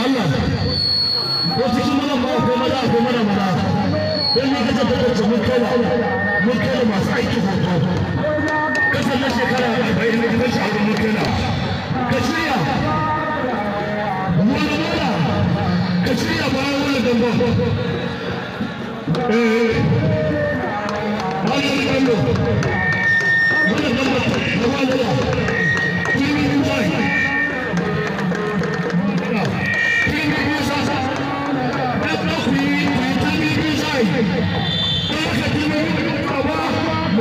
Allah ko cikin mana ba ko ko da aiki a wani wani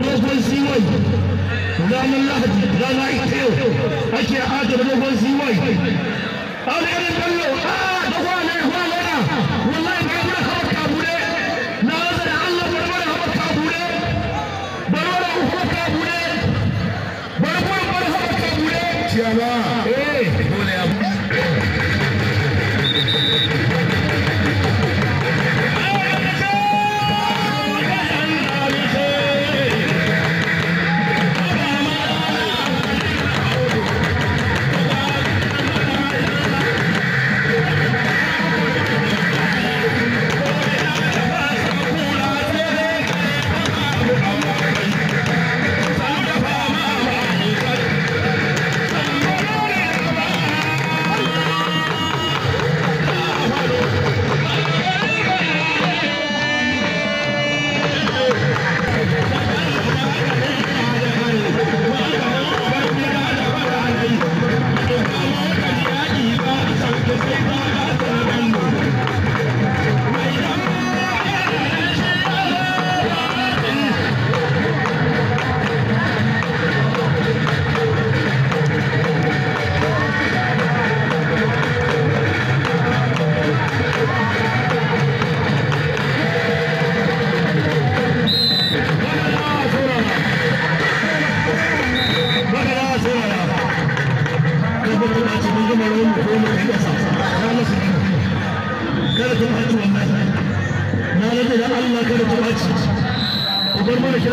dogon siwai ranar lahadi rana ita yau ake adar dogon siwai an irin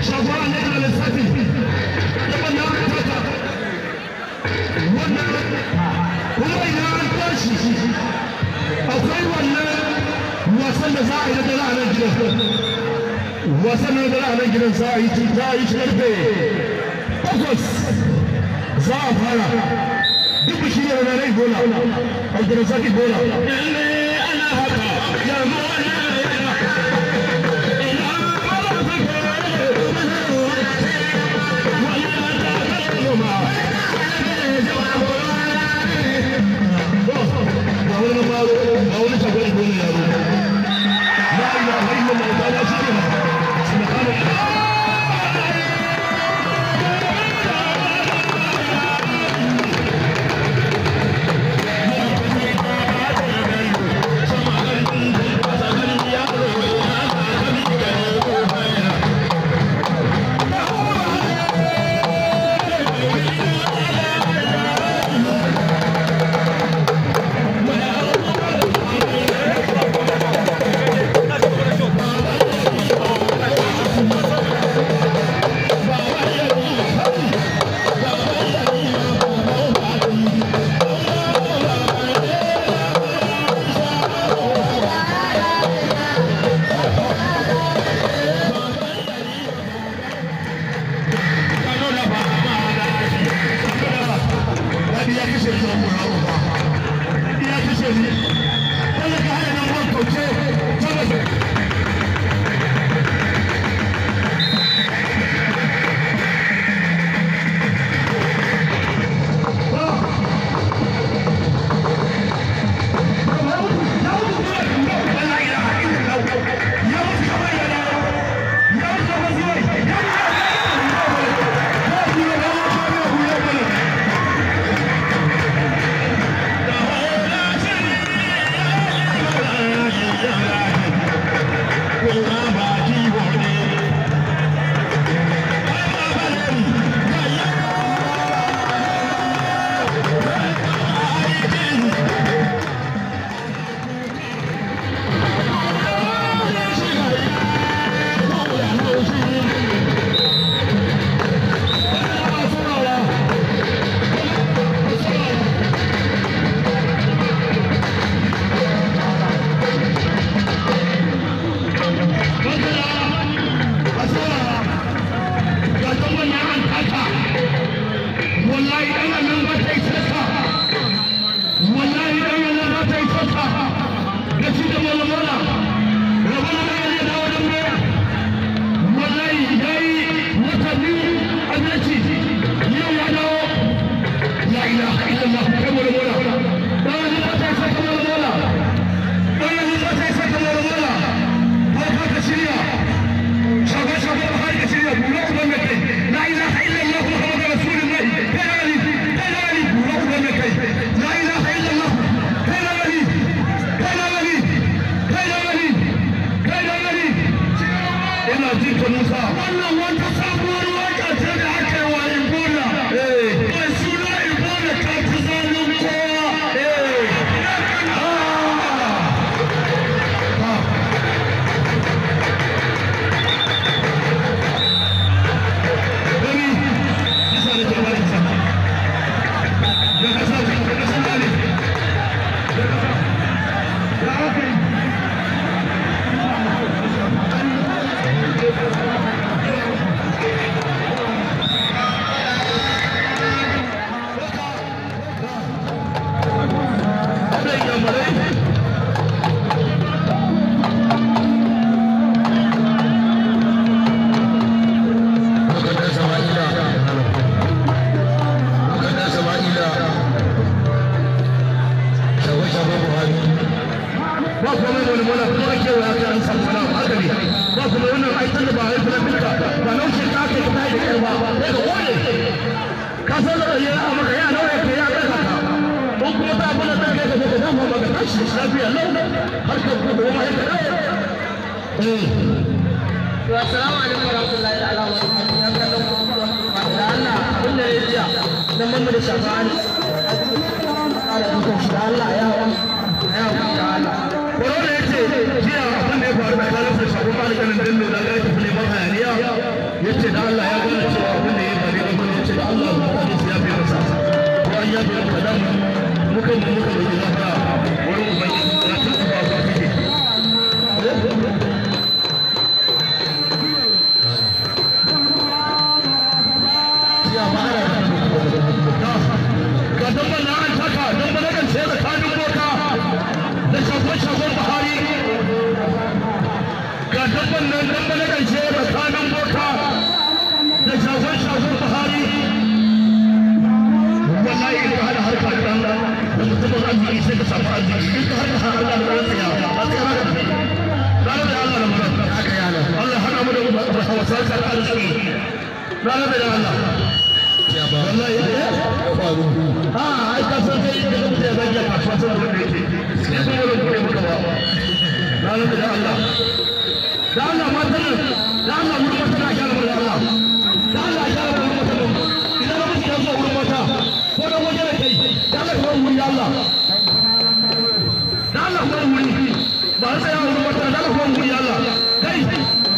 wasannin da ranar gidan za a yi ci za a yi karfe takwas za a fara duk shi ne ranar gola a gidan zaki gola ana haka Musa wannan wata sabuwar wala ko da ke wala an samu wala haka ba kuma wannan aikin da ba a yi ba nan shi da kai ba ka san da a maka ya nawa ya ko kuma ta ta kai ka ka ba ka tashi lafiya lau har ka ku da wani ka dawo eh. to assalamu alaikum dan kallon ku na rabe da Allah da ba na rabe Allah Allah Allah Allah Allah Allah Allah Allah Allah Allah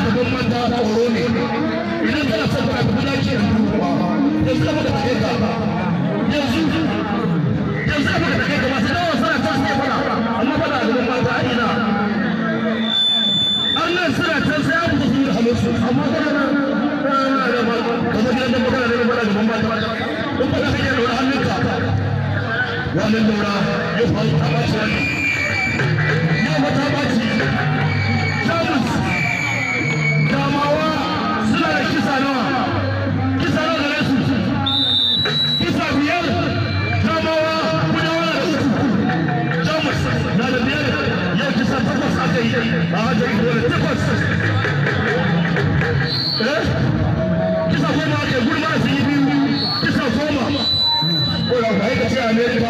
gaban da ne idan kana son ka na ke yanzu da muka take ka yanzu yanzu da ka masu ta sai fara amma fara ina ta sai an da da mahajin dole takwas kisa gulma biyu a karfi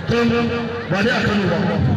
ya da a kano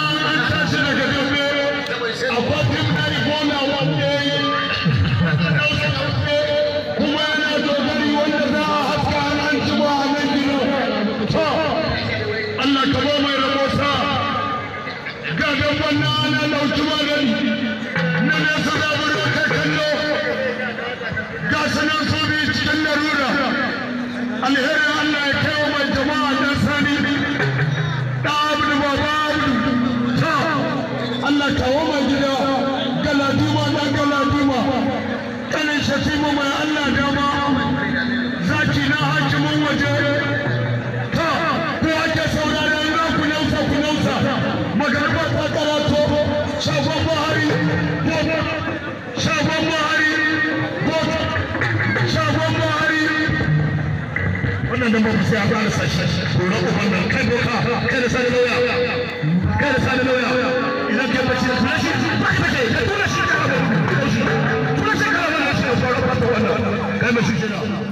wannan dambar sashi gora kai boka sani lauya sani lauya idan ke bacci da tunashi ka take ka tura shi ka ka tura da ka da shi ka ka tura shi ka tura shi ka tura shi ka tura shi ka ka tura shi ka ka tura shi ka ka tura ka tura shi ka tura